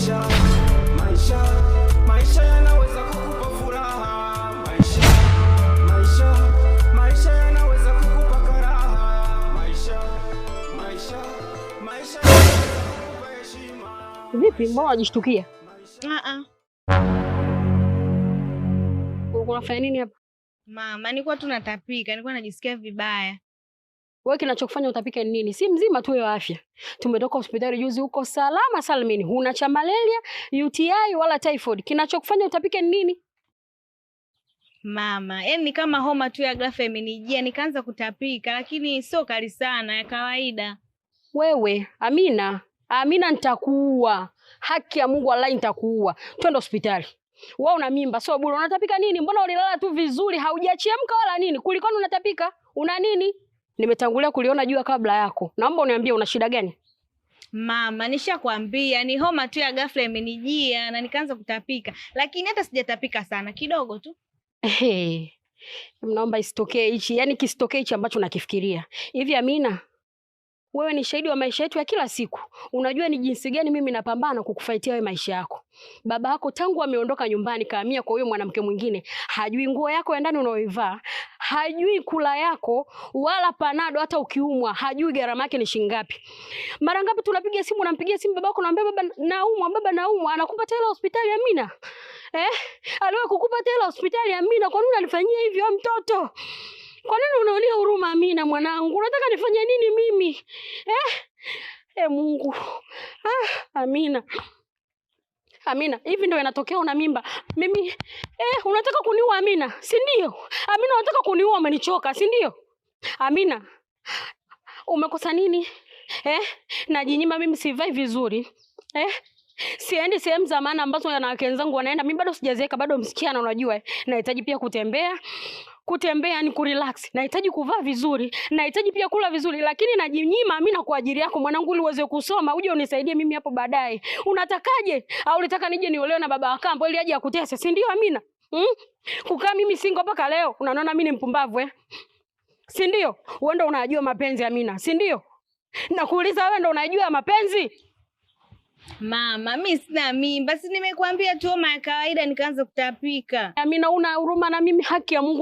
maisha, maisha, maisha yanaweza kukupa furaha, maisha, maisha, maisha yanaweza kukupa karaha, maisha, maisha, maisha yanaweza kukupa heshima. Vipi, mbona unajishtukia? Ah ah. Unafanya nini hapa? Mama, nilikuwa tu natapika, nilikuwa najisikia vibaya. Wewe kinachokufanya utapika ni nini? Si mzima tu ya afya. Tumetoka hospitali juzi huko salama salmini. Huna cha malaria, UTI wala typhoid. Kinachokufanya utapika ni nini? Mama, yaani ni kama homa tu ya ghafla imenijia nikaanza kutapika, lakini sio kali sana, ya kawaida. Wewe Amina, Amina, nitakuua. Haki ya Mungu, wallahi nitakuua. Twende hospitali. Wewe una mimba sio bure. Unatapika nini? Mbona ulilala tu vizuri, haujachemka wala nini? Kulikoni unatapika? Una nini? nimetangulia kuliona jua kabla yako. Naomba uniambie una shida gani? Mama, nishakwambia ni homa tu ya ghafla imenijia na nikaanza kutapika, lakini hata sijatapika sana, kidogo tu. Hey, mnaomba isitokee hichi, yaani kisitokee hichi ambacho nakifikiria hivi. Amina, wewe ni shahidi wa maisha yetu ya kila siku. Unajua ni jinsi gani mimi napambana kukufaitia wewe maisha yako. Baba yako tangu ameondoka nyumbani kaamia kwa huyo mwanamke mwingine, hajui nguo yako ya ndani unaoivaa, hajui kula yako wala panado, hata ukiumwa hajui gharama yake ni shilingi ngapi. Mara ngapi tunapiga simu, nampigia simu babako, naambia baba naumwa, baba naumwa, anakupa tela hospitali Amina. Eh? Aliwe kukupa tela hospitali Amina, kwa nini unanifanyia hivyo mtoto? Kwa nini unaonea huruma Amina mwanangu? Unataka nifanye nini mimi? Eh? eh, Mungu. Ah, Amina. Amina, hivi ndio inatokea una mimba. Mimi eh, unataka kuniua Amina, si ndio? Amina, unataka kuniua, umenichoka, si ndio? Amina, umekosa nini eh? Najinyima mimi, sivai vizuri eh? Siendi sehemu za maana ambazo wanawake wenzangu wanaenda, mimi bado sijazeeka, bado msikiana, unajua eh. nahitaji pia kutembea kutembea ni kurelax, nahitaji kuvaa vizuri, nahitaji pia kula vizuri, lakini najinyima mimi na kwa ajili yako mwanangu, ili uweze kusoma uje unisaidie mimi hapo baadaye. Unatakaje? Au unataka nije niolewe na baba wa kambo ili aje akutese, si ndio Amina? Mm? Kukaa mimi singo mpaka leo, unaona mimi ni mpumbavu eh? Si ndio? Wewe ndio unajua mapenzi Amina, si ndio? Nakuuliza wewe ndio unajua mapenzi? Mama, mimi sina mimba, si nimekuambia tu homa ya kawaida nikaanza kutapika. Amina, una huruma na mimi, haki ya Mungu.